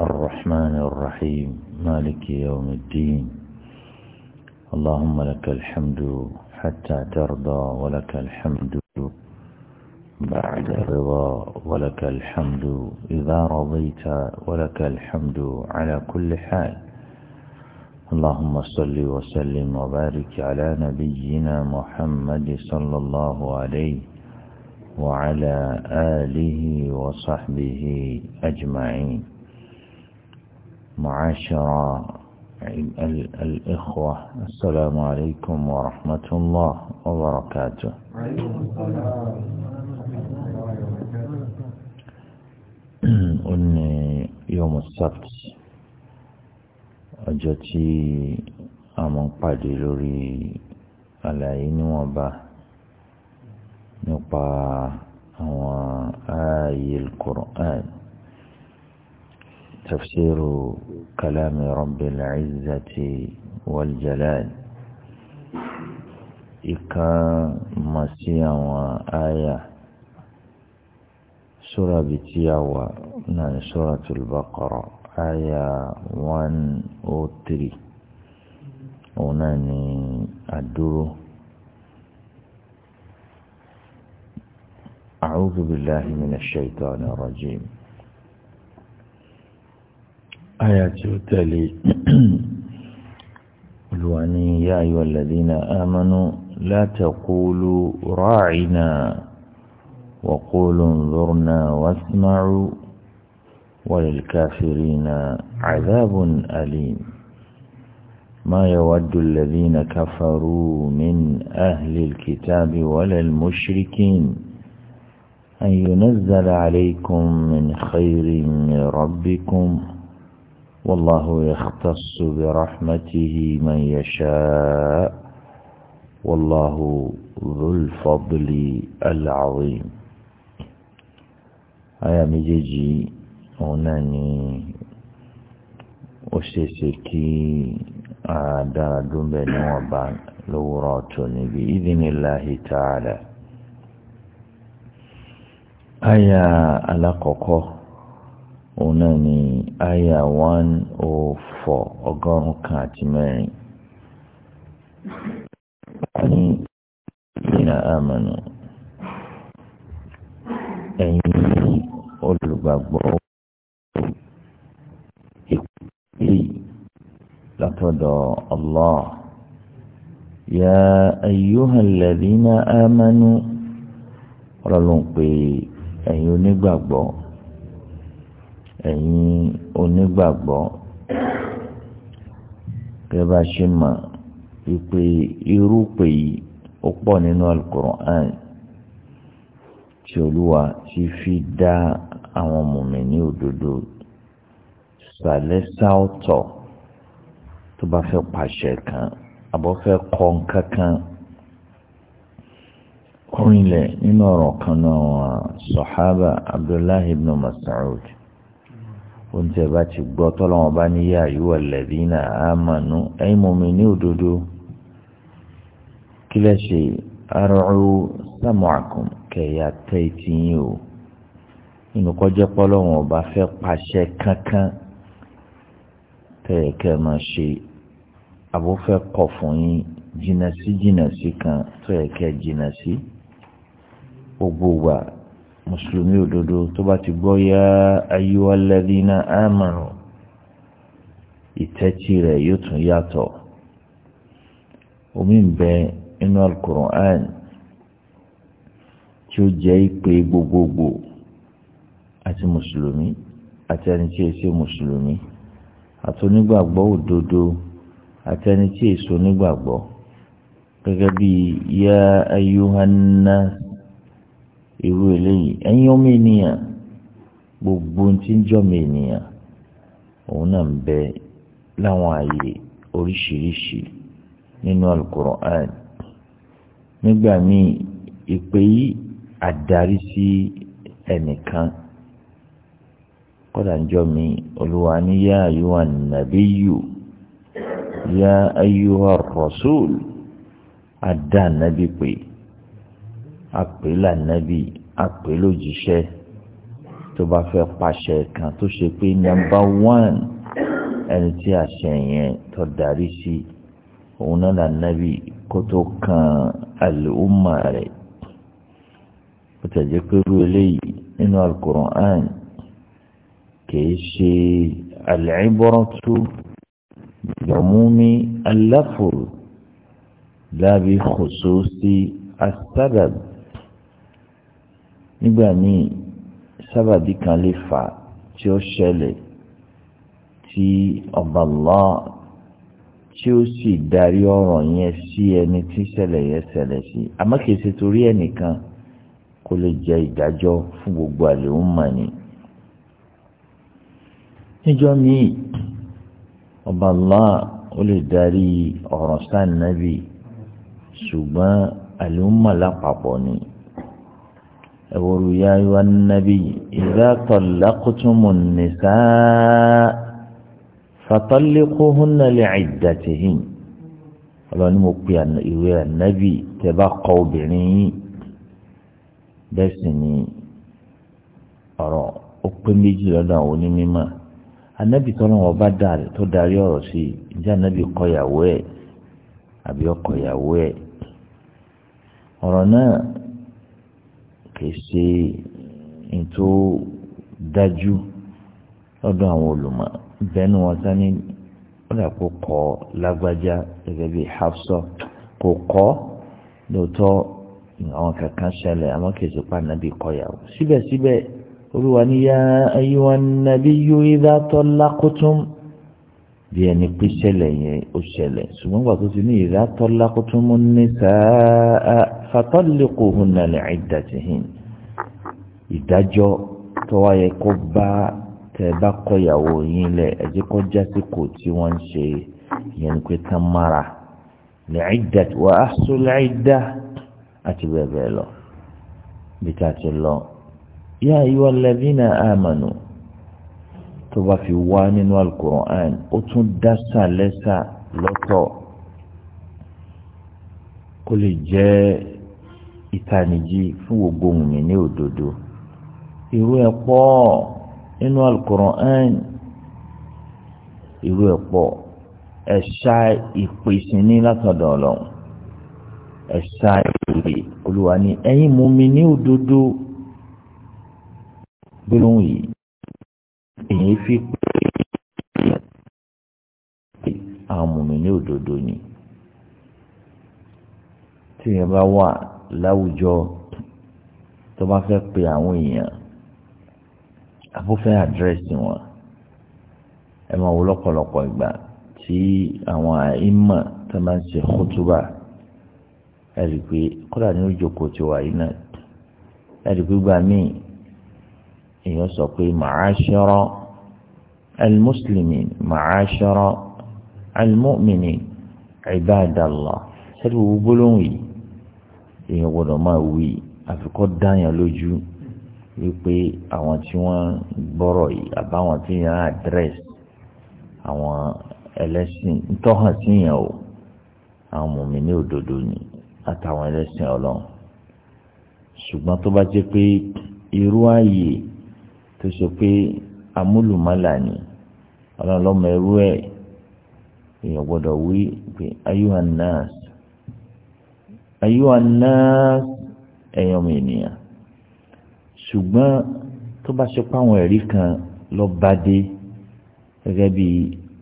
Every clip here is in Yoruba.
الرحمن الرحيم مالك يوم الدين اللهم لك الحمد حتى ترضى ولك الحمد بعد الرضا ولك الحمد إذا رضيت ولك الحمد على كل حال اللهم صل وسلم وبارك على نبينا محمد صلى الله عليه وعلى آله وصحبه أجمعين معاشر الإخوة السلام عليكم ورحمة الله وبركاته أن يوم السبت أجتي أمن لي على إنوبة نقا وآي القرآن تفسير كلام رب العزة والجلال إكا مسيا وآية سورة بتيا ونان سورة البقرة آية 103 وناني الدرو أعوذ بالله من الشيطان الرجيم آية التالي الواني يا أيها الذين آمنوا لا تقولوا راعنا وقولوا انظرنا واسمعوا وللكافرين عذاب أليم ما يود الذين كفروا من أهل الكتاب ولا المشركين أن ينزل عليكم من خير من ربكم والله يختص برحمته من يشاء والله ذو الفضل العظيم آية مجيجي هناني أشتسكي عادا دنبا وبعد لوراتني بإذن الله تعالى آية ألقكه ona ni aya 104 ọgọrọm kachasị mere nye anyị n'agba amanu nye anyị olugbogbo nye anyị Allah. ya anyị yọọ ha na-adị n'ama n'ụlọ ẹ̀yin onígbàgbọ́ kẹ́ bá ṣe mọ̀ ìpè irúpè yìí ó pọ̀ nínú alukur'an tí olúwa ti fi dá àwọn mùmíní òdodo sàlẹ́sà ọ̀tọ̀ tó bá fẹ́ pàṣẹ kan àbọ̀ fẹ́ kọ́ nǹkan kan orinlẹ̀ nínú ọ̀rọ̀ kan náà sọ̀hábà abdullahi ibn mas'ud oúnjẹ bá ti gbọ́ tọ́lọ́wọ́n bá ní yá àyúwọ̀ lẹ́bínà àmánú ẹ̀yin mọ̀mí ní òdodo kílẹ̀ ṣe arọ́rù sàmùàkùn kẹ̀yà tẹ́ etí yín o nínú kọjá pọ́lọ́wọ́n ọba fẹ́ pàṣẹ kankan tẹ̀yẹ kẹ́ máa ṣe àbúfẹ́ kọ̀ fún yín jìnnà sí jìnnà sí kan tẹ̀yẹ kẹ́ sí gbogbo wa mùsùlùmí òdodo tó bá ti gbọ́ ya ayyuhalladhina amanu ìtẹ́tí rẹ̀ yóò tún yàtọ̀ omi ń bẹ inú al-Qur'an tí ó jẹ́ ìpè gbogbogbò àti mùsùlùmí àti ẹni tí èsì mùsùlùmí àti onígbàgbọ́ òdodo àti ẹni tí èso onígbàgbọ́ gẹ́gẹ́ bí ya ayyuhannas. irú eléyìí ẹ̀yin ọmọ ènìyàn gbogbo ti ń jọmọ ènìyàn òun náà ń bẹ láwọn àyè oríṣiríṣi nínú alukur'an nígbà míì ìpè yìí àdarí sí ẹnìkan kódà ń jọmọ olúwa ní yá àyùwà nàbíyù yá àyùwà rọ̀ṣúl àdá nàbí pè é. àpè lànàbì àpè lójíṣẹ́ tó bá fẹ́ pàṣẹ kan tó ṣe pé nàmbà wán ẹni tí àṣẹ yẹn tó darí sí òun náà lànàbì kó tó kan àlùmọ̀ rẹ̀ ó tẹ̀lé pé irú eléyìí nínú alukur'an kìí ṣe àlẹ́bọ̀rọ̀tù yọ̀múmi aláfòrò lábí kòsó sí asábàbí nígbà míì sábàbí kan lè fà tí ó ṣẹlẹ̀ tí ọba Allah tí ó sì darí ọ̀rọ̀ yẹn sí ẹni tí ṣẹlẹ̀ yẹn ṣẹlẹ̀ sí àmọ́ kìí ṣe torí ẹnìkan kó lè jẹ ìdájọ́ fún gbogbo àlèhùn mọ̀ni. níjọ́ míì ọba Allah ó lè darí ọ̀rọ̀ sáà nàbì ṣùgbọ́n àlèhùn mọ̀ lápapọ̀ ni ẹ̀wọ̀rù ya ayọ́ nàbí ìdá tọ̀lákùtùmù nìsá fatọ́lékóhùnà lè àìdàtìhìn ọlọ́ni mo pe ìwé ànábì tẹ́ bá kọ obìnrin yìí bẹ́ẹ̀ sì ni ọ̀rọ̀ ó pé méjì lọ́dọ̀ àwọn onímọ̀ ànábì tọ́lọ́ wọn bá darí tó darí ọ̀rọ̀ sí i ǹjẹ́ ànábì kọ ìyàwó ẹ̀ àbí ọkọ ìyàwó ẹ̀ ọ̀rọ̀ náà kìí ṣe ní tó dájú lọ́dọ̀ àwọn olùmọ̀ bẹ́ẹ̀ni wọn sani ó dà kó kọ́ lágbájá gẹ́gẹ́ bíi Hafsa kò kọ́ lóòótọ́ àwọn kankan ṣẹlẹ̀ àwọn kìí ṣe pa nàbí kọ́yàwó síbẹ̀síbẹ̀ olúwa ni yá ayíwá nàbí yóò idha tallaqtum bí ẹni pé ṣẹlẹ̀ yẹn ó ṣẹlẹ̀ ṣùgbọ́n gbà ti ní idha tallaqtum ní sáà. fatalliquhunna li'iddatihin ìdájọ́ tó wáyé kó bá tẹ bá kọyàwó yín lẹ ẹjẹ kó jásìkò tí wọ́n ń ṣe yẹn pé tán mara wa ahsul 'idda àti bẹ́ẹ̀ bẹ́ẹ̀ lọ bí ká ti lọ ya amanu tó bá fi wá nínú quran ó tún dásà lẹ́sà lọ́tọ̀ kó ìtanijí fún gbogbo mùmí ní òdodo irú ẹ̀ pọ̀ nínú alukur'an irú ẹ̀ pọ̀ ẹ̀ṣá ìpèsè ní látọ̀dọ̀ ọlọ́run ẹ̀ṣá ìpèsè olúwa ni ẹ̀yin mùmí ní òdodo gbólóhùn yìí èyí fi pé àwọn mùmí ní òdodo ni tí yẹn bá wà láwùjọ tó bá fẹ́ pe àwọn èèyàn afúfẹ́ àdírẹ́sì wọn ẹ máa wo lọ́pọ̀lọpọ̀ ìgbà tí àwọn àìmọ̀ tó máa ń ṣe kútúbà ẹ rí i pé kódà ní ìjókòó ti wà yìí náà ẹ rí i pé gbà míì èèyàn sọ pé màáṣọ́rọ́ al-muslimin màáṣọ́rọ́ al-mu'minin ibadallah ṣẹ́ni gbogbo lóhùn yìí èèyàn gbọ́dọ̀ máa wí àfikọ́ dáyàn lójú wípé àwọn tí wọ́n gbọ́rọ̀ yìí àbáwọn tí yàn án àdírẹ́sì àwọn ẹlẹ́sìn ntọ́hàn sí yàn o àwọn mùmíní òdodo ni àtàwọn ẹlẹ́sìn ọlọ́run ṣùgbọ́n tó bá jẹ́ pé irú ààyè tó ṣe pé amúlùmálà ni ọlọ́run lọ́mọ ẹrú ẹ̀ èèyàn gbọ́dọ̀ wí pé ayuhan nas ayuwa nas ẹ̀yọ́ mi ènìyàn ṣùgbọ́n tó bá ṣe páwọn ẹ̀rí kan lọ bá dé gẹ́gẹ́ bí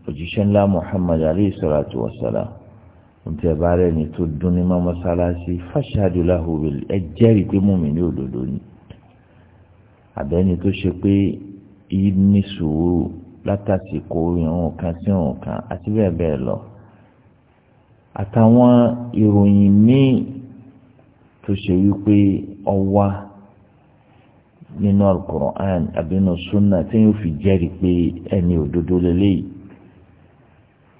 òjíṣẹ́ ńlá muhammad alayhi salatu wa salam ntí ẹ bá rẹ̀ ní tó dún ní mọ́mọ́sálásí fashhadu lahu bil ẹ jẹ́rìí pé mùmínì òdodo ni àbẹ́ni tó ṣe pé yìí ní sùúrù látàsí kó ìrùn kan sí ìrùn kan àti bẹ́ẹ̀ bẹ́ẹ̀ lọ. àtàwọn ìròyìn míì tó ṣe wípé ọwá nínú an àbínú suna tí yóò fi jẹ́rìí pé ẹni òdodo lélẹ́yìí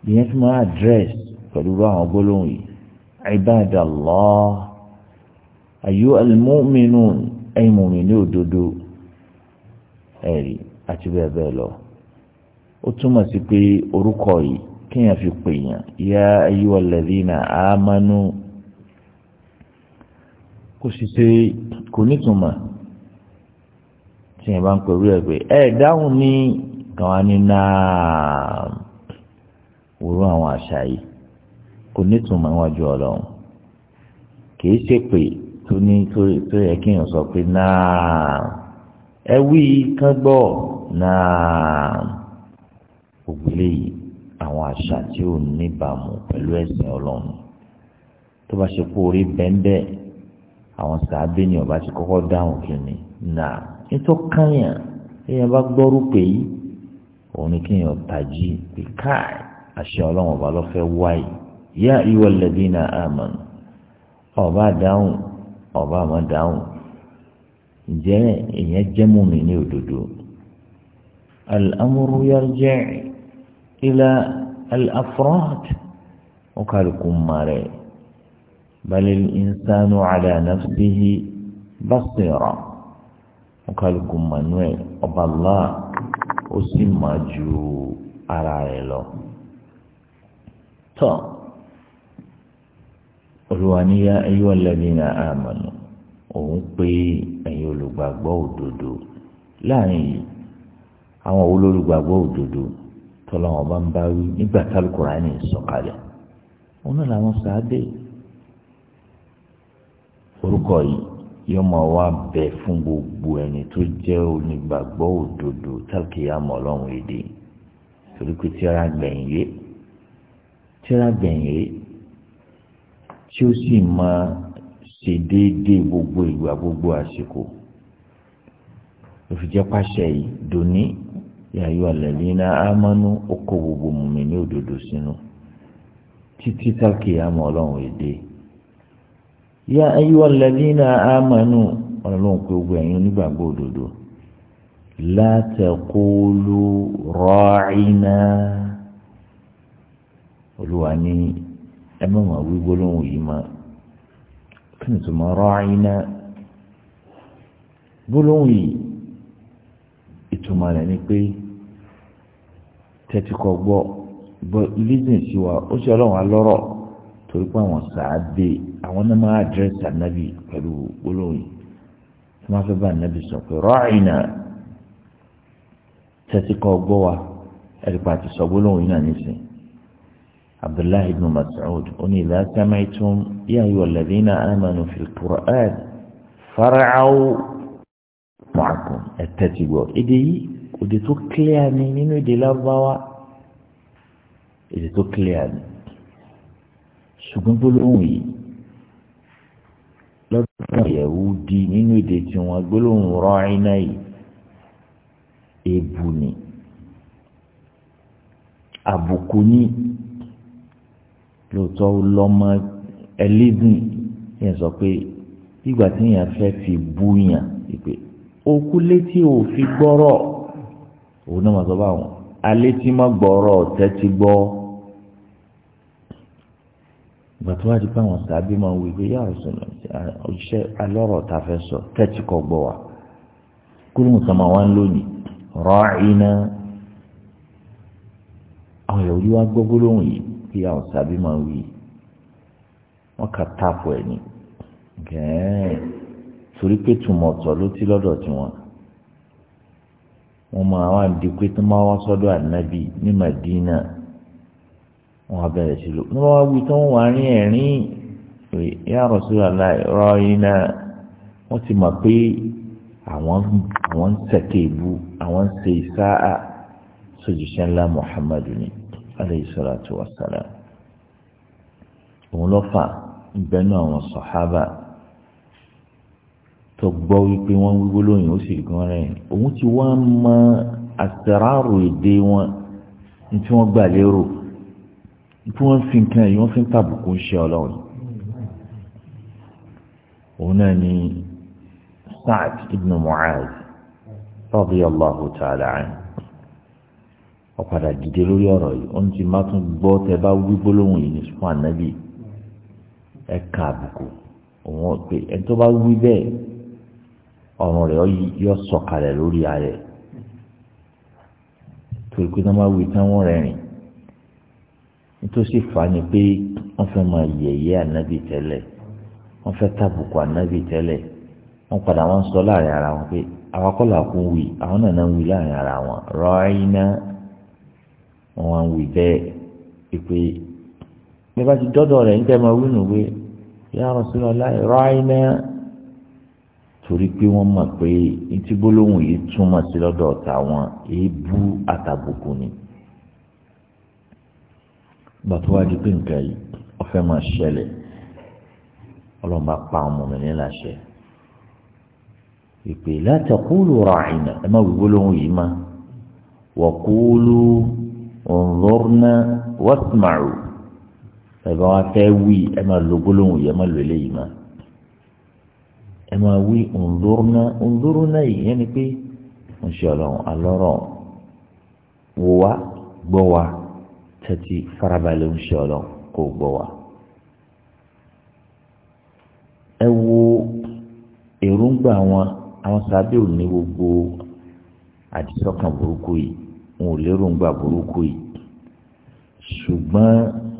ìyẹn fi máa address pẹ̀lú àwọn gbólóhùn yìí ibadallah ayu almu'minun ẹ̀yin mùmínì òdodo ẹ̀rí àti bẹ́ẹ̀ bẹ́ẹ̀ lọ ó túmọ̀ sí pé orúkọ yìí kéèyàn fi pèèyàn ya ayyuhal ladhina amanu kò sì ṣe kò nítumọ̀ tíyẹn bá ń pẹ̀lú ẹ̀ ẹ̀ dáhùn ní kàwọn náà wúrú àwọn àṣà yìí kò nítumọ̀ níwájú ọlọ́run kì í ṣe pé tó ní tó àwọn àṣà tí ò níbàámu pẹ̀lú ẹ̀sìn ọlọ́run tó bá ṣe kó orí bẹ́ńbẹ́ àwọn sàábé ni ọba ti kọ́kọ́ dáhùn kìíní náà nítorí káyàn èèyàn bá gbọ́rú pé yìí òun ni kéèyàn tají pé káì àṣẹ ọlọ́run ọba ló fẹ́ wáyé yá ìwọ lẹ́bí na àmàn ọba dáhùn ọba àmọ́ dáhùn ǹjẹ́ èèyàn jẹ́ mùmí ní òdodo al-amru yarji' ilà al-afrad ó kálukú mọ́ rẹ̀ balil insanu ala nafsihi basira ó kálukú mọ́ nù ẹ̀ ọba Allah ó sì má ju ara rẹ̀ lọ. tọ́ olùwà ní yá ayé alladhina amanu òun pé ẹ̀yin olùgbàgbọ́ òdodo láàrin yìí àwọn olùgbàgbọ́ òdodo tọ́lọ́wọ́n bá ń bá wí nígbà tálùkùránì sọ̀kalẹ̀ wọn náà làwọn sáadé orúkọ yìí yóò máa wá bẹ fún gbogbo ẹni tó jẹ́ onígbàgbọ́ òdodo tálùkìyàmọ̀ ọlọ́run èdè torí pé tíra gbẹ̀yìn yé tíra gbẹ̀yìn yé tí ó sì máa ṣe déédéé gbogbo ìgbà gbogbo àsìkò òfìjẹ́pàṣẹ yìí dòní. yàyọ alẹ́lẹ́nà amánú ọkọ̀ gbogbo mùmí ní òdodo sínú títí tálkìyàmọ̀ ọlọ́run èdè yà ayọ alẹ́lẹ́nà amánú ọlọ́run pé gbogbo ẹ̀yin onígbàgbọ́ òdodo látẹ̀kúlù rọ́ọ̀ìnà olùwà ní ẹ má máa yìí má kí ni tó máa rọ́ọ̀ìnà gbólóhùn yìí ìtumọ̀ rẹ̀ ni pé. tẹ́tíkọ́ gbọ́ bọ́ ilésìn sí wa ó ṣe ọlọ́run alọ́rọ̀ torí pé àwọn sàádé àwọn náà máa àdírẹ́sì ànábì pẹ̀lú gbólóhùn tí wọ́n fẹ́ bá ànábì sọ pé rọ́ọ̀ìnà tẹ́tíkọ́ gbọ́ wa ẹ̀rí pa àti sọ gbólóhùn yìí náà nísìn abdullahi ibn mas'ud oní idha sami'tum ya ayyuhal ladhina amanu fil qur'an far'u ma'akum ẹ̀ tẹ́tí gbọ́ èdè yìí òde tó clear ni nínú èdè lábáwá èdè tó clear ni ṣùgbọ́n gbólóhùn yìí lọ́dún ìyẹ̀wò di nínú èdè tiwọn gbólóhùn rọ́ọ̀rìnà yìí èbù ni àbùkù ni lóòótọ́ lọ́mọ ẹlẹ́dùn yẹn sọ pé ìgbà tí yẹn fẹ́ fi bú yàn ìpè okú létí ò fi gbọ́rọ̀ òun náà máa sọ báwọn alẹ́ tí má gbọ́rọ̀ ọ̀tẹ́ ti gbọ́ ìgbà tó wá di pé àwọn sábẹ́ máa wí pé yá ọ̀sán òṣìṣẹ́ alọ́rọ̀ tá a fẹ́ sọ tẹ́tí kọ́ gbọ́ wa kúlùmù sọ máa wá ń lónìí rọ́ọ̀ìnà àwọn èèyàn orí wa gbọ́ gbólóhùn yìí pé àwọn sábẹ́ máa wí wọ́n kà táàpù ẹ̀ ní gẹ́ẹ́ torí pé tùmọ̀tọ̀ ló ti lọ́dọ̀ tiwọn wọn mọ àwọn àdìpé tó máa wá sọ́dọ̀ ànábì ní Madina wọn abẹrẹ sí lò ní wọn wá wí tó ń wá rí ẹ̀rín pé ya Rasulullah rọ iná wọn ti mọ pé àwọn àwọn ń sẹkẹ ìbú àwọn ń ṣe ìsáà sójúṣẹ ńlá Muhammadu ni alayhi salatu wa salam òun lọ fà bẹnu àwọn sọhábà tó gbọ́ wípé wọ́n ń wíwó lóyìn ó sì gan rẹ̀ òun ti wá mọ àsàràrò èdè wọn ní tí wọ́n gbà lérò tí wọ́n fi nǹkan yìí wọ́n fi ń tàbùkù ń ṣe ọlọ́run òun náà ni Sa'd ibn Mu'adh radiyallahu ta'ala anhu ọ̀padà dìde lórí ọ̀rọ̀ yìí ó ń ti má tún gbọ́ tẹ bá wí gbólóhùn yìí ní sùpànàbì ẹ̀ka àbùkù òun ọ̀pẹ ẹni tó bá wí bẹ́ẹ̀ ọrùn rẹ̀ yọ sọ̀kalẹ̀ lórí a torí pé nọ́mbà wí tán wọ́n rẹ̀rìn nítòsí fà ni pé wọ́n fẹ́ máa yẹ̀yẹ́ ànábì tẹ́lẹ̀ wọ́n fẹ́ tàbùkù ànábì tẹ́lẹ̀ wọ́n padà wọ́n sọ láàrin ara wọn pé àwọn akọ́là kún wí àwọn nàná wí láàrin ara wọn rọ́ọ̀yìnà wọn wí bẹ́ẹ̀ pé bí wọ́n dọ́dọ̀ rẹ̀ ń tẹ́ máa wí nù pé yàrá rọ́ọ̀yìnà. torí pé wọ́n mọ̀ pé etí gbólóhùn yìí túmọ̀ sí lọ́dọ̀ ọ̀tá wọn èébú àtàbùkù ni. ìgbà tó wá di pé nǹkan yìí ọ̀fẹ́ máa ṣẹlẹ̀ ọlọ́run bá pa ọmọ mi ní láṣẹ. ìpè la taqulu ra'ina ẹ má wí gbólóhùn yìí má wa qulu unzurna wasma'u ẹ bá wá fẹ́ wí ẹ má lo gbólóhùn yìí ẹ má lo eléyìí má ẹ máa wí ǹdúrúná ǹdúrúná yìí yẹn ni pé wọ́n ṣe ọlọ́run alọ́rọ̀ wò wá gbọ́ wá tẹ́tí farabalẹ̀ ń ṣe ọlọ́run kò gbọ́ wá. ẹ wo èròǹgbà wọn àwọn sábẹ́ òní gbogbo àdìsọ́kàn burúkú yìí wọn ò lérògbà burúkú yìí ṣùgbọ́n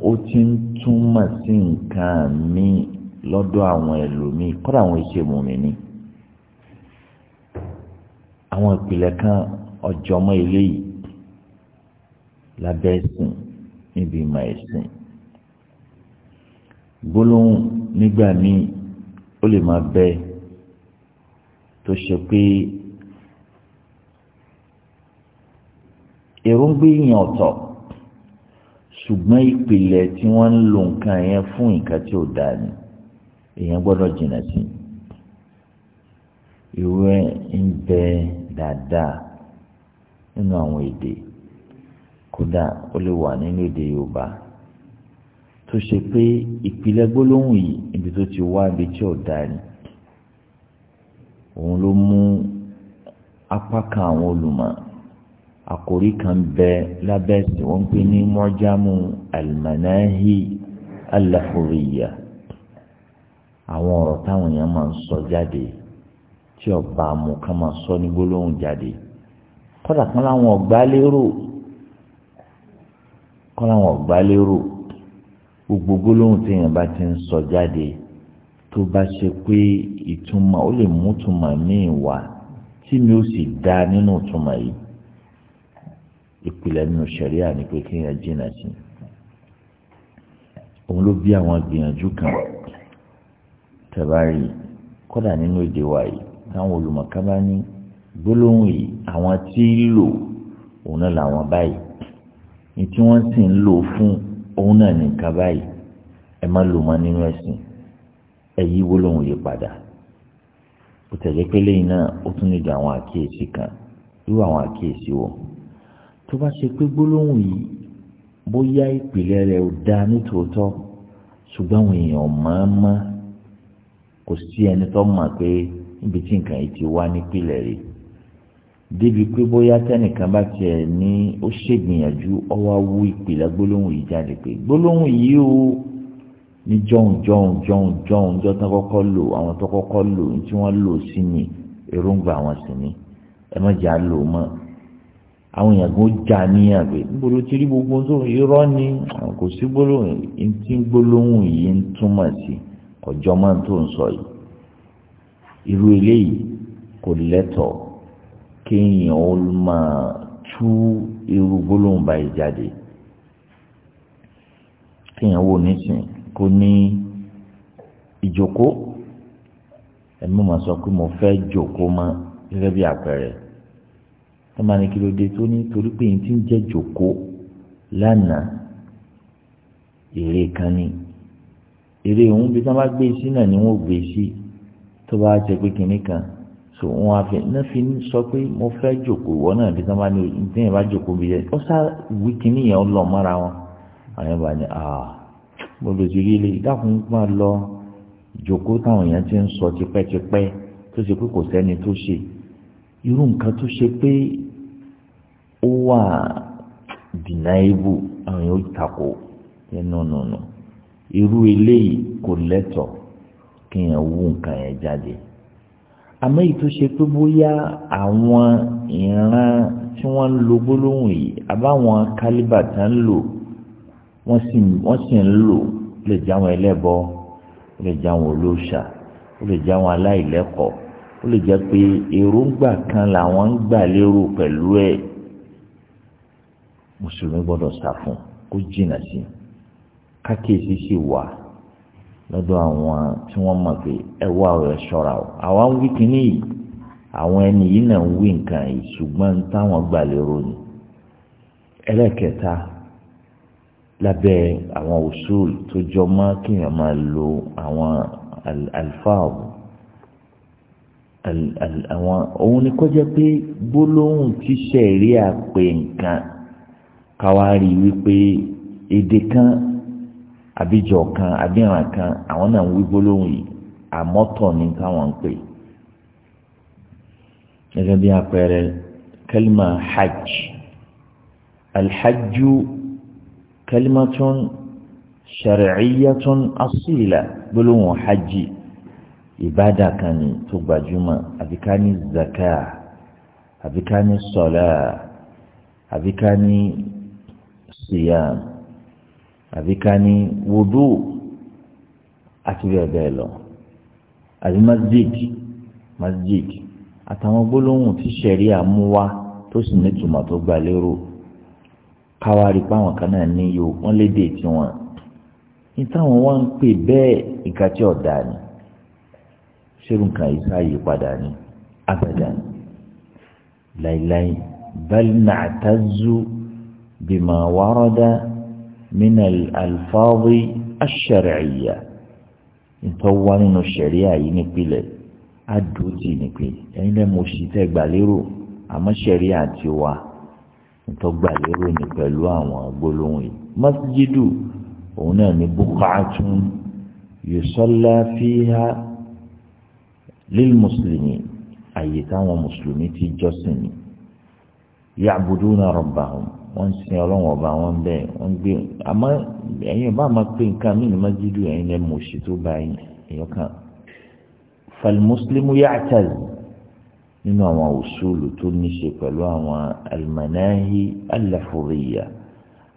ó ti ń túmọ̀ sí nǹkan míì lọ́dọ̀ àwọn ẹlòmíì kọ́dà àwọn ìṣe mùmíní àwọn ìpìlẹ̀ kan ọ̀jọ̀mọ́ eléyìí lábẹ́ ẹ̀sìn níbi ìmọ̀ ẹ̀sìn gbólóhùn nígbà míì ó lè máa bẹ tó ṣe pé èròǹgbé yẹn ọ̀tọ̀ ṣùgbọ́n ìpìlẹ̀ tí wọ́n ń lo nǹkan yẹn fún nǹkan tí ò dáa ni èèyàn gbọ́dọ̀ jìnnà sí ìwé ń bẹ dáadáa nínú àwọn èdè kódà ó lè wà nínú èdè Yorùbá tó ṣe pé ìpìlẹ̀ gbólóhùn yìí ibi tó ti wá ibi tí ò darí òun ló mú apá kan àwọn olùmọ̀ àkòrí kan bẹ lábẹ́ sí wọ́n pè ní mọ́jámù almanahi alafuriya. Al àwọn ọ̀rọ̀ táwọn èèyàn máa ń sọ jáde tí ọba mu ká máa sọ ní gbólóhùn jáde kọ́dà kan láwọn ọ̀gbá lérò kọ́ láwọn ọ̀gbá lérò gbogbo gbólóhùn téèyàn bá ti ń sọ jáde tó bá ṣe pé ìtumọ̀ ó lè mú ìtumọ̀ míì wá tí mi ó sì dá nínú ìtumọ̀ yìí ìpìlẹ̀ nínú ṣẹ̀ríà ni pé kéèyàn jìnnà sí òun ló bí àwọn gbìyànjú kan tẹ̀bárì kọ́dà nínú èdè wa yìí táwọn olùmọ̀ká bá ní gbólóhùn yìí àwọn tí ń lò òun náà làwọn báyìí ní tí wọ́n sì ń lò fún òun náà nìkan báyìí ẹ má lò mọ́ nínú ẹ̀sìn ẹ yí gbólóhùn yìí padà ó pélé yìí náà ó tún nílò àwọn àkíyèsí kan irú àwọn àkíyèsí wo tó bá ṣe pé gbólóhùn yìí bóyá ìpìlẹ̀ rẹ̀ ò dáa nítòótọ́ ṣùgbọ́n àwọn èèyàn máa ń máa kò sí ẹni tó mọ̀ pé níbi tí nǹkan yìí ti wá nípìnlẹ̀ rẹ̀ débi pé bóyá tẹnìkan bá tiẹ̀ ní ó ṣègbìyànjú ọwọ́ awú ìpìlẹ̀ gbólóhùn yìí jáde pé gbólóhùn yìí ó ní jọ̀hún jọ̀hún jọ̀hún jọ̀hún jọ́ tán kọ́kọ́ lò àwọn tó kọ́kọ́ lò tí wọ́n lò sí ni èròǹgbà àwọn sì ni ẹ má jà lò mọ́ àwọn èèyàn kan ó jà níyàn pé gbólóhùn ti rí gbogbo tó irọ́ ni kò sí gbólóhùn yìí ń túmọ̀ sí i kọjọ máa tó ń sọ yìí irú eléyìí kò lẹ́tọ̀ kéèyàn ó máa tú irú gbólóhùn báyìí jáde kéèyàn wò nísìn kó ní ìjòkó ẹ̀mí mà sọ pé mo fẹ́ jòkó mọ́ gẹ́gẹ́ bí àpẹẹrẹ ẹ máa ní kí ló dé tó ní torí pé yìí ti ń jẹ́ jòkó lánàá èrè kan ni èrè òun bí tí wọ́n bá gbé sí náà ni wọ́n gbé sí tó bá jẹ pé kinní kan so wọn á fi náà fi sọ pé mo fẹ́ jòkó wọ́n náà bí tí wọ́n bá ní tí yẹn bá jòkó bí yẹn ó sá wí kinní yẹn lọ mọ́ra wọn àwọn yẹn bá ní ah mo lò sí rí ilé dákun máa lọ jòkó táwọn èèyàn ti ń sọ tipẹ́tipẹ́ tó ṣe pé kò sẹ́ni tó ṣe irú nǹkan tó ṣe pé ó wà dìnnáìbù àwọn yóò takò yẹn nọ nọ nọ irú eléyìí kò lẹ́tọ̀ kí yẹn wú nǹkan yẹn jáde àmọ́ èyí tó ṣe pé bóyá àwọn ìran tí wọ́n ń lo gbólóhùn yìí àbáwọn kálíbà tá ń lò wọ́n sì ń lò lè jáwọn ẹlẹ́bọ ó lè jáwọn olóòṣà ó lè jáwọn aláìlẹ́kọ̀ọ́ ó lè jẹ́ pé èròǹgbà kan làwọn ń gbà lérò pẹ̀lú ẹ̀ mùsùlùmí gbọ́dọ̀ sá fún kó jìnnà sí i kákèsí sì wà lọ́dọ̀ àwọn tí wọ́n mọ̀ pé ẹ wá ọ̀rẹ́ ṣọ́ra o àwa ń wí kínní yìí àwọn ẹni yìí náà ń wí nǹkan yìí ṣùgbọ́n táwọn gbà lérò ni ẹlẹ́kẹta lábẹ́ àwọn usul tó jọ mọ́ kéèyàn máa lo àwọn alfáàb àwọn òun ni kọjá pé gbólóhùn tíṣẹ̀ rí àpè nǹkan káwá rí wípé èdè kan àbíjọ kan àbíran kan àwọn náà ń wí gbólóhùn yìí àmọ́tọ̀ ní káwọn ń pè gẹ́gẹ́ bí àpẹẹrẹ kẹlímà hajj alhajju kẹlímàtún shar'iyatun asila gbólóhùn hajj ìbádà kan ní tó gbajúmọ̀ àbíká ní zaka àbíká ní sọlá àbíká ní siyam àbí ká ní wòdú àti bẹ́ẹ̀ bẹ́ẹ̀ lọ àbí masjid masjid àtàwọn gbólóhùn tí sẹ̀ríà mú wá tó sì ní ìtumọ̀ tó gba lérò káwárí páwọn kan náà níyò wọ́n lédè tiwọn ní táwọn wọ́n ń pè bẹ́ẹ̀ ìka ọ̀dà ni ṣérùn kan yìí padà ni abadan láìláì bal na'tazu bima warada. من الألفاظ الشرعية ìtọ́wá nínú ṣẹ̀ríà yìí nípìnlẹ̀ àdótì nípìnlẹ̀ ẹ̀yin lẹ́ mo sì tẹ́ gbàlérò àmọ́ ṣẹ̀ríà ti wà ìtọ́gbàlérò ní pẹ̀lú àwọn gbólóhùn yìí masjidu òun náà ní bukaatun yusalla fiha lil mùsùlùmí àyè táwọn mùsùlùmí ti jọ́sìn ní ya'buduna rabbahum wọ́n ń sin ọlọ́wọ́n ọba wọn bẹ́ẹ̀ wọ́n gbé àmọ́ ẹ̀yin ọba máa pé nǹkan mí ní májídù ẹ̀yin lẹ́ mọ̀ òṣì tó bá yín èèyàn kan falmuslimu ya'taz nínú àwọn òṣùlù tó ní ṣe pẹ̀lú àwọn almanahi alafuriya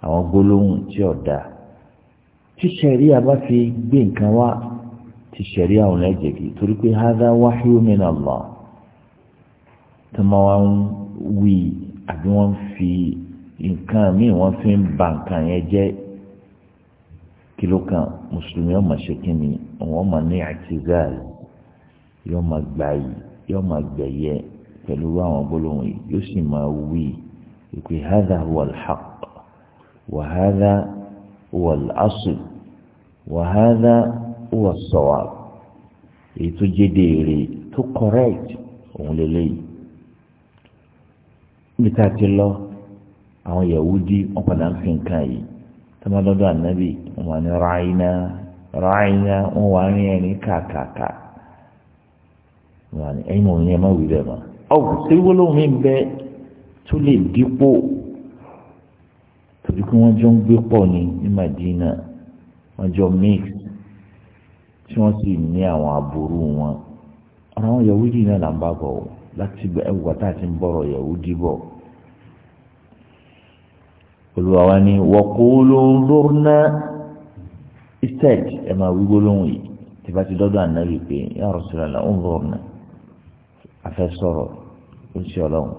àwọn gbólóhùn tí ọ̀dà tí sẹ̀ríà bá fi gbé nǹkan wá tí sẹ̀ríà ọ̀nà ẹ̀jẹ̀ kì í torí pé hadha wahyu min Allah tó máa ń wí àbí wọ́n fi nǹkan míì wọ́n fi ń ba nǹkan yẹn jẹ́ kìló kan mùsùlùmí ọmọ ṣèkí ni wọ́n máa ní àtìgáàlì yóò máa gbà yìí yóò máa gbẹ̀yẹ pẹ̀lú àwọn gbólóhùn yìí yóò sì máa wí ìpè hadha wal haqq wa hadha wal èyí tó jẹ́ déèrè tó correct òun lélẹ́yìí níta ti lọ. àwọn yahudi wọn padà ń fi nǹkan yìí tọ́mọdọ́dọ́ ànábì wọn ni ráyìnà wọn wà ní ẹni kàkàkà wọn ni ẹ̀yin mọ̀ ní ẹ má wí rẹ̀ mọ́ ọ̀wù síwọ́lọ́wọ́ mi bẹ tó lè dípò torí pé wọ́n jọ ń gbé pọ̀ ní ní Madina wọ́n jọ mix tí wọ́n sì ní àwọn aburú wọn àwọn yahudi náà là ń bá bọ̀ láti ń bọ̀rọ̀ olùwàwá ni wọ́kúlù ńlọ́rùnà istek ẹ̀ máa wí gbólóhùn yìí tí bá ti dọ́dọ̀ ànábì pé yà rọ̀sùlọ́lá ńlọ́rùnà afẹ́ sọ̀rọ̀ oṣù ọlọ́run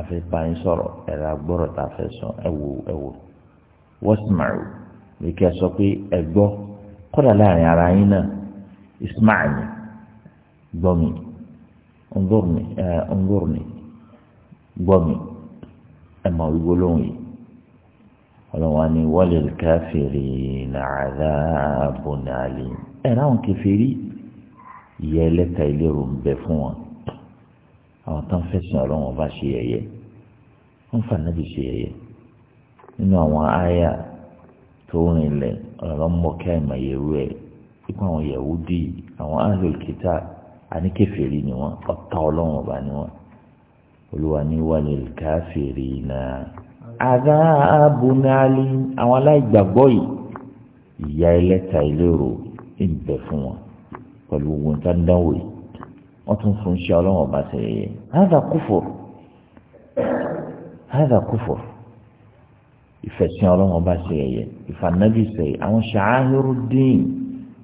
afẹ́ báyìí sọ̀rọ̀ ẹ̀rọ agbọ́rọ̀ tá a fẹ́ sọ ẹ̀wò ẹ̀wò wọ́sùmàrù bí kí a sọ pé ẹ gbọ́ láàrin ara yín náà ismaani gbọ́mi ńlọ́rùnì ẹ̀ ńlọ́rùnì gbọ́mi ẹ̀ máa wí gbólóhùn yìí ọlọ́wọ́n ni walil kafirina adhabun alim ẹ̀rọ àwọn kẹfìrí ìyá ẹlẹ́ta ìlérò ń bẹ fún wọn àwọn tán fẹ̀sìn ọlọ́wọ́n bá ṣe yẹ̀yẹ́ wọ́n fà nábì ṣe yẹ̀yẹ́ nínú àwọn àyà tó rìn lẹ̀ ọlọ́mọkẹ́ àìmọ̀yẹ̀rú ẹ̀ ipò àwọn Yahudi àwọn ahlul kitab àní ni wọn ọ̀tá ọlọ́wọ́n bá ni wọn olúwa ni walil kafirina adáàbùnálì àwọn aláìgbàgbọ́ yìí ìyá ẹlẹ́ta ìlérò ń bẹ fún wọn pẹ̀lú gbogbo nǹkan dánwò yìí wọ́n tún fún iṣẹ́ ọlọ́run ọba ṣe yẹ hádà kúfọ̀ hádà kúfọ̀ ìfẹ̀sìn ọlọ́run ọba ṣe yẹ ìfànàbí ṣe àwọn ṣàáhírú dín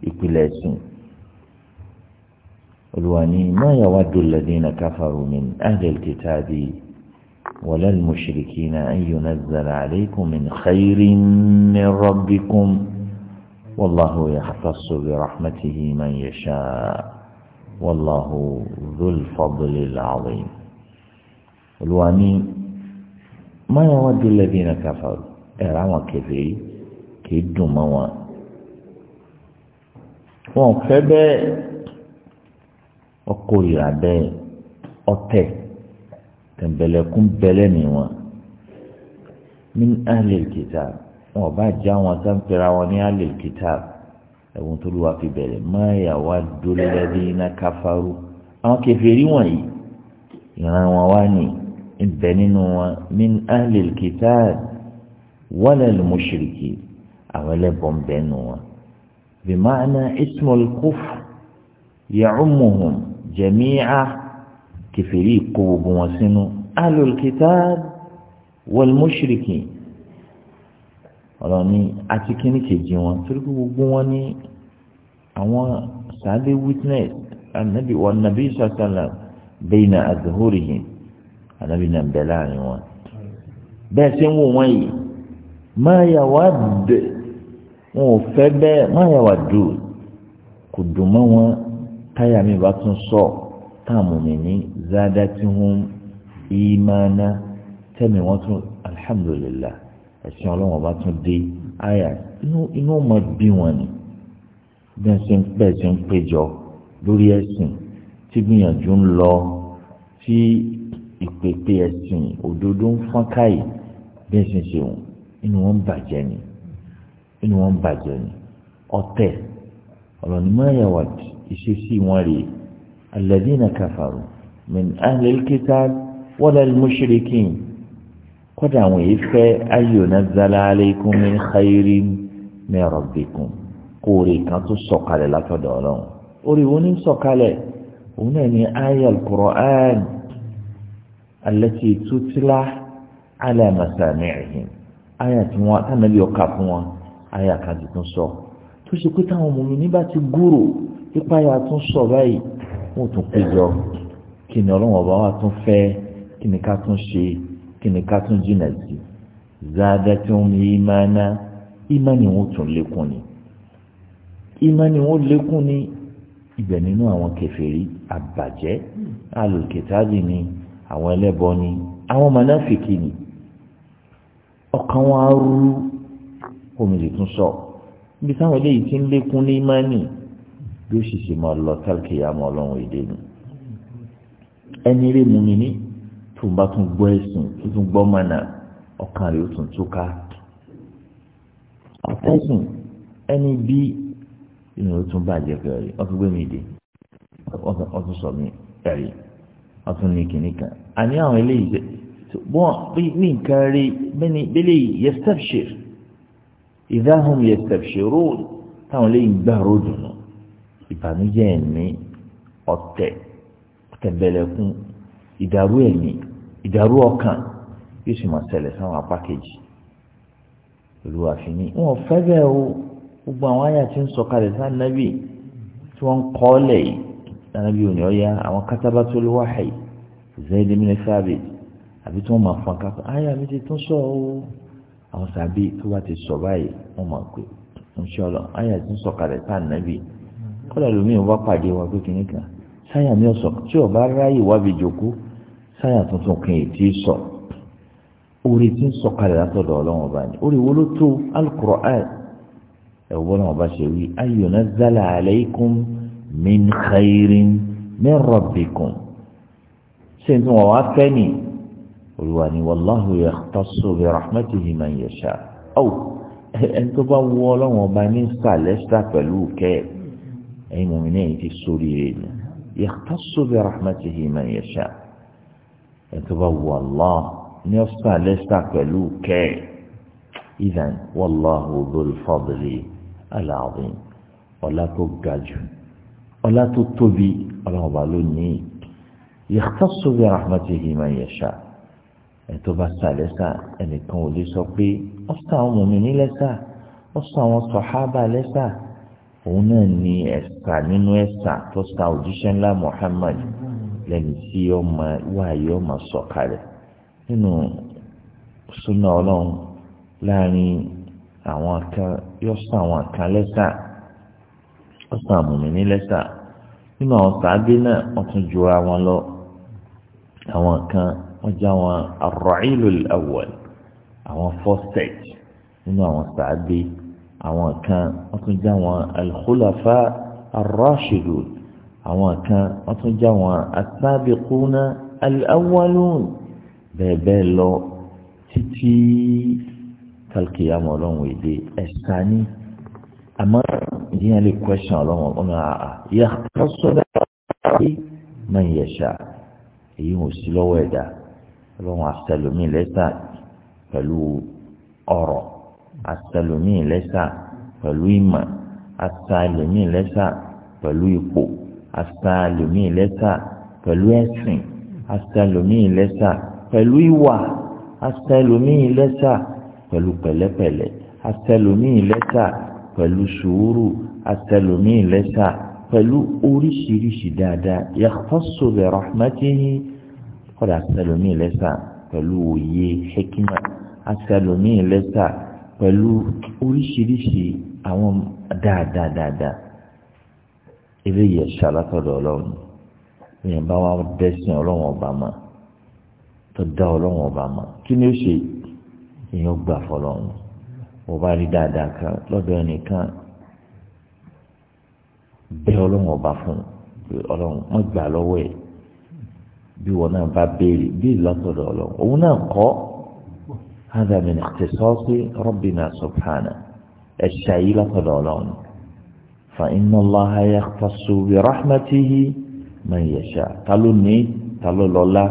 ìpìlẹ̀ ẹ̀sìn olùwàní máa yà wá dùn lẹ́dínà káfàrú min ahlil kitabi. ولا المشركين أن ينزل عليكم من خير من ربكم والله يختص برحمته من يشاء والله ذو الفضل العظيم الواني ما يود الذين كفروا إرعوا كذي كيدوا موا وفبه وقل يا بيه tẹ̀m̀bẹ̀lẹ̀kún bẹ̀lẹ̀ mi wọn min ahlil kitab wọn ò bá já wọn sáńpẹ̀rẹ̀ àwọn ní ahlil kitab ẹ̀wọ̀n tó lù wá fi bẹ̀rẹ̀ máa yà wá dolóyàdé iná káfárú àwọn kèfèrí wọ̀nyí ìran wọn wá ní ibẹ̀ nínú wọn min ahlil kitab walal mushriki àwọn ẹlẹ́bọ̀n bẹ́ẹ̀ nù wọn bí máa ná ismul kufr ya'ummuhum jami'a kẹfìrí kó gbogbo wọn sínú alul kitab wal mushrikin ọ̀rọ̀ ni àti kíní kejì wọn torí pé gbogbo wọn ní àwọn sàádé witness anabi wa nabi sasala bẹ́yìn àdúhóri yìí anabi náà bẹ̀ láàrin wọn bẹ́ẹ̀ sí ń wò wọ́n yìí máa yà wá dé wọn ò fẹ́ bẹ́ẹ̀ máa yà wá dùn kò dùn mọ́ wọn táyà mi bá tún sọ̀ọ́ táwọn mùmíní zadatihum ìmánà tẹ́mi wọ́n tún alhamdulillah ẹ̀sìn ọlọ́run ọba tún dé àyà inú ọmọ bí wọn ni bí wọ́n ṣe ń pẹ́ ṣe ń péjọ lórí ẹ̀sìn tí gbìyànjú ń lọ tí ìpèpè ẹ̀sìn òdodo ń fọ́n káyì bí wọ́n ṣe ń ṣe inú wọn bàjẹ́ ni inú wọn bàjẹ́ ni ọ̀tẹ̀ ọ̀rọ̀ ni mọ́ ẹ̀yà wà ìṣesí wọn rèé. الذين كفروا من أهل الكتاب ولا المشركين قد عويفك أن ينزل عليكم من خير من ربكم قولي كانت السقال لا تدعون أريوني السقال هنا آية القرآن التي تتلى على مسامعهم آية مواتنا ليقفوا آية كانت تنصر تشكو تهم من نبات قروا ìpayà tún sọ báyìí wọn ò tún péjọ kí ni ọlọ́run ọba wa tún fẹ́ kí ni ká tún ṣe kí ni ká tún jìnà sí záadá tí wọn yí máa ná ìmánì wọn tún lékún ni ìmánì wọn lékún ni ibẹ̀ nínú àwọn kèfèrí àbàjẹ́ alùkìtàbí ni àwọn ẹlẹ́bọ ni àwọn mọ̀nàfìkì ni ọkàn wọn á omi lè tún sọ ibi táwọn eléyìí ti ń lékún ní ìmánì bí ó sì sì máa lọ tálkì àmọ́ ọlọ́run èdè nù ẹni rí mu mi ní tó ń bá tún gbọ́ ẹ̀sìn tó tún gbọ́ mọ̀nà ọkàn rẹ̀ ó tún túká àtẹ̀sìn ẹni bí ìrìn ó tún bàjẹ́ pẹ̀lú ọ tún gbé mi dé ọ sọ mi ẹ̀rí ọ ní kìnnì kan àní àwọn eléyìí bọ́n ní nǹkan rí bẹ́ni bẹ́lẹ̀ yẹ́sítẹ́pṣẹ̀ ìdáhùn yẹ́sítẹ́pṣẹ̀ róòdù táwọn eléyìí gbà róòdù náà ìbànújẹ́ ẹ̀mí ọ̀tẹ̀ ọ̀tẹ̀bẹ̀lẹ̀kún ìdàrú ẹ̀mí ìdàrú ọkàn yóò sì máa ṣẹlẹ̀ sáwọn apá kejì olúwa fi ní wọn fẹ́ bẹ́ẹ̀ o gbogbo àwọn àyà tí ń sọ̀kalẹ̀ sáà nábì tí wọ́n ń kọ́ ọ́lẹ̀ yìí nàbí òní ọ̀yá àwọn kátàbá tó lè wáhà yìí zẹ́ẹ̀dì mi ní sábẹ̀ àbí tí wọ́n máa fọn kápẹ́ àyà mi ti tún sọ o àwọn sàbí tó bá ti sọ báyìí wọ́n máa pè ń ṣọlọ àyà tí ń sọ̀kalẹ̀ sáà nábì kọ́lá lómi ò bá pàdé wa pé kìnnì kan sáyà mi ò sọ tí ò bá ráyè wá bí jòkó sáyà tuntun kan èyí tí sọ orí tí ń sọkalẹ̀ látọ̀dọ̀ ọlọ́run ọba ni orí wo ló tó al-Qur'an ẹ̀wọ́ bọ́lá ọba ṣe wí ayunazzala alaykum min khairin min rabbikum ṣé n tún wọ́n wá fẹ́ ni olùwà ni wallahu yakhtassu bi rahmatihi man yasha ọ̀ ẹ̀ ẹ̀ tó bá wọ́ ọlọ́run ọba ní sàlẹ́sà pẹ̀lú kẹ́ẹ̀ ẹ̀yin mọ̀mìnà yìí ti sórí rẹ̀ ni yakhtassu bi rahmatihi man yasha ẹ̀tọ́ bá wù Allah ní ọ́sítà lẹ́sítà pẹ̀lú kẹ́ ìdán wallahu dhul fadli al-azim ọlá tó ga jù ọlá tó tóbi ọlọ́ọ̀bá ló ní yakhtassu bi rahmatihi man yasha ẹ̀tọ́ bá sà lẹ́sà ẹnìkan ò lè sọ pé ọ́sítà àwọn mọ̀mìnà òun náà ni ẹ̀sà nínú ẹ̀sà tó sa òjíṣẹ́ ńlá Muhammad lẹ́ni tí ọmọ wáyé ọmọ sọ̀kalẹ̀ nínú súnà ọlọ́run láàrin àwọn kan yóò sọ àwọn kan lẹ́sà ó sọ àmùmí ní lẹ́sà nínú àwọn sàábé náà wọ́n tún jura wọn lọ àwọn kan wọ́n jẹ́ àwọn ar-ra'ilul àwọn first nínú àwọn sàábé àwọn kan wọ́n tún jẹ́ àwọn alkhulafa arrashidun àwọn kan wọ́n tún jẹ́ àwọn asabiquna alawalun bẹ́ẹ̀ bẹ́ẹ̀ lọ títí kálkìyàmọ Ọlọ́run èdè ẹsẹ ní àmọ́ ìdíyàn lè kwẹsàn Ọlọ́run ọmọ àà yà kọsọdà àti máa ń yẹsà èyí ò sí lọ́wọ́ ẹ̀dá Ọlọ́run àtẹlómi lẹsà pẹ̀lú ọ̀rọ̀ asẹlòmíì lẹ́sà pẹ̀lú ìmọ̀ asẹlòmíì lẹ́sà pẹ̀lú ipò asẹlòmíì lẹ́sà pẹ̀lú ẹ̀sìn asẹlòmíì lẹ́sà pẹ̀lú ìwà asẹlòmíì lẹ́sà pẹ̀lú pẹ̀lẹ́pẹ̀lẹ́ asẹlòmíì lẹ́sà pẹ̀lú sùúrù asẹlòmíì lẹ́sà pẹ̀lú oríṣiríṣi dáadáa yakhtassu bi rahmatihi kọ́dà asẹlòmíì lẹ́sà pẹ̀lú òye hekima asẹlòmíì lẹ́sà pẹ̀lú oríṣiríṣi àwọn dáadáadáa eléyìí ẹ̀ṣọ́ alátọ̀dọ̀ ọlọ́run èèyàn bá wà dẹ́sìn ọlọ́run ọba mọ́ tó dá ọlọ́run ọba mọ́ kí ni ó ṣe èèyàn gbà fọlọ́run ọba rí dáadáa kan lọ́dọ̀ ẹnìkan bẹ́ẹ̀ ọlọ́run ọba fún ọlọ́run wọ́n gbà lọ́wọ́ ẹ̀ bí wọn náà bá béèrè bí ìlọ́tọ̀dọ̀ ọlọ́run òun náà kọ́ ọ́. هذا من اختصاص ربنا سبحانه الشعيلة ضلالان فإن الله يختص برحمته من يشاء تلوني تلو الله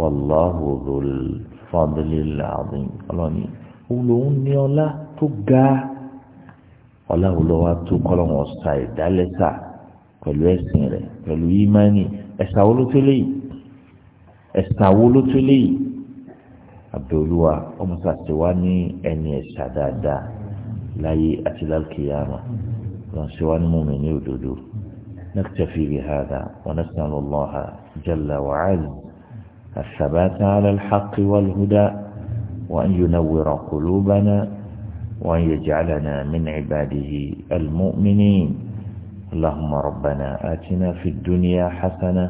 والله ذو الفضل العظيم ọlọ́ni olóhùn ní ọlá tó ga ọlá olówó tó kọ́lọ́mù ọ̀sà ìdálẹ́sà pẹ̀lú ẹ̀sìn rẹ̀ pẹ̀lú ìmánì ẹ̀sà wo ló tó léyìí ẹ̀sà wo ló tó léyìí àbẹ̀olúwa ọmọsàtì wa ní ẹni ẹ̀ṣà dáadáa láyé àti lálùkìyàmà lọ́n ṣe wá ní mùmí ní òdodo نكتفي بهذا ونسأل الله جل وعز الثبات على الحق والهدى وأن ينور قلوبنا وأن يجعلنا من عباده المؤمنين اللهم ربنا آتنا في الدنيا حسنة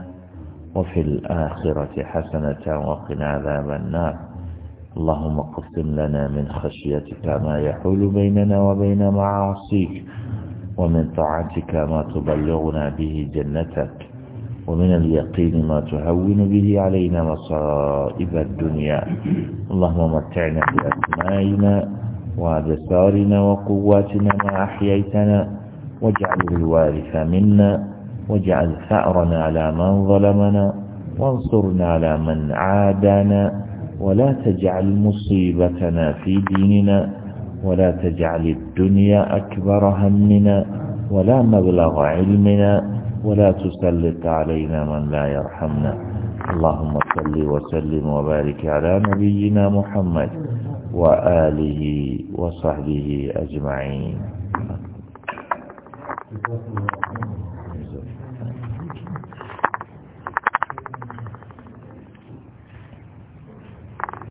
وفي الآخرة حسنة وقنا عذاب النار اللهم قسم لنا من خشيتك ما يحول بيننا وبين معاصيك ومن طاعتك ما تبلغنا به جنتك ومن اليقين ما تهون به علينا مصائب الدنيا اللهم متعنا بأسمائنا وأبصارنا وقواتنا ما أحييتنا واجعله الوارث منا واجعل ثأرنا على من ظلمنا وانصرنا على من عادانا ولا تجعل مصيبتنا في ديننا ولا تجعل الدنيا أكبر همنا ولا مبلغ علمنا ولا تسلط علينا من لا يرحمنا اللهم صل وسلم وبارك على نبينا محمد وآله وصحبه أجمعين